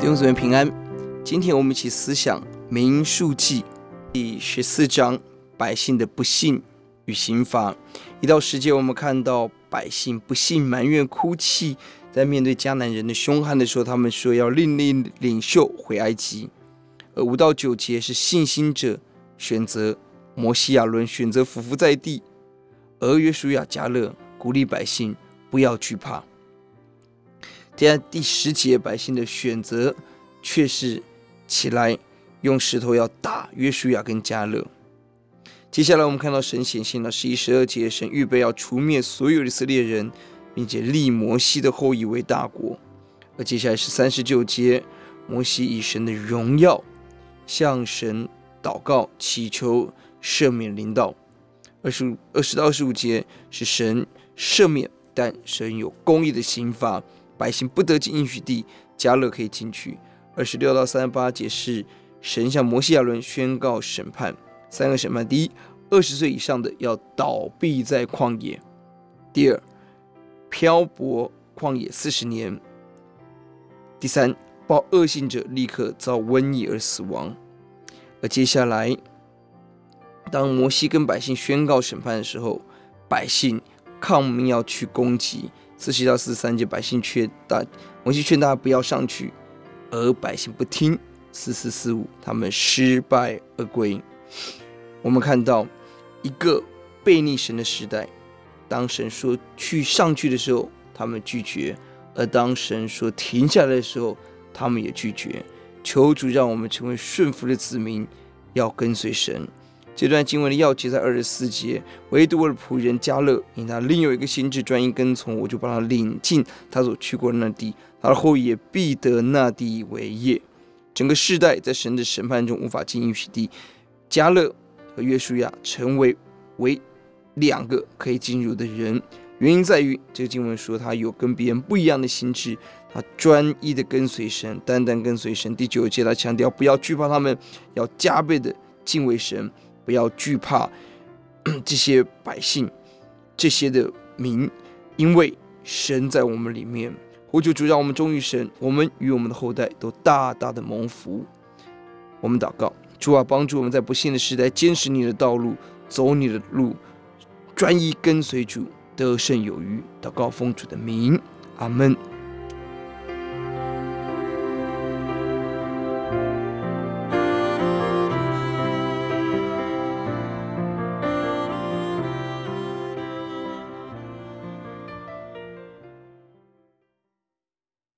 弟兄姊妹平安，今天我們一起思想《民數記》第十四章百姓的不信與刑罰。一到十節，我們看到百姓不信埋怨、哭泣，在面對迦南人的凶悍的時候，他們說要另立領袖回埃及。而五到九節是信心者選擇，摩西亞倫選擇匍匐在地，而約書亞迦勒鼓勵百姓不要懼怕。現在第十節，百姓的選擇卻是起來用石頭要打約書亞跟迦勒。接下來，我們看到神顯現了，十一十二節，神預備要除滅所有以色列人，並且立摩西的後裔為大國。而接下來是三十九節，摩西以神的榮耀向神禱告，祈求赦免臨到二十五二十到二十五節是神赦免，但神有公義的刑罰。百姓不得進應許地，迦勒可以進去。二十六到三十八節是神向摩西亞倫宣告審判，三個審判：第一，二十歲以上的要倒斃在曠野；第二，漂泊曠野四十年；第三，報惡信者立刻遭瘟疫而死亡。而接下來，當摩西跟百姓宣告審判的時候，百姓抗命要去攻擊。四十一到四三節，百姓勸大，我是勸大家不要上去，而百姓不聽。四四四五，他們失敗而歸。我們看到一個悖逆神的時代。當神說去上去的時候，他們拒絕；而當神說停下來的時候，他們也拒絕。求主讓我們成為順服的子民，要跟隨神。這段經文的鑰節在二十四節，唯獨我的僕人迦勒，因他另有一個心志，專一跟從，我就把他領進他所去過的那地，後裔也必得那地為業。整個世代在神的審判中無法進入此地，迦勒和約書亞成為唯兩個可以進入的人。原因在於，這個經文說他有跟別人不一樣的心志，他專一的跟隨神，單單跟隨神。第九節他強調不要懼怕他們，要加倍的敬畏神。不要懼怕這些百姓，這些的民，因為神在我們裡面。呼求主，讓我們忠於神，我們與我們的後代都大大的蒙福。我們禱告，主啊，幫助我們在不信的時代堅持你的道路，走你的路，專一跟隨主，得勝有餘。禱告奉主的名，阿門。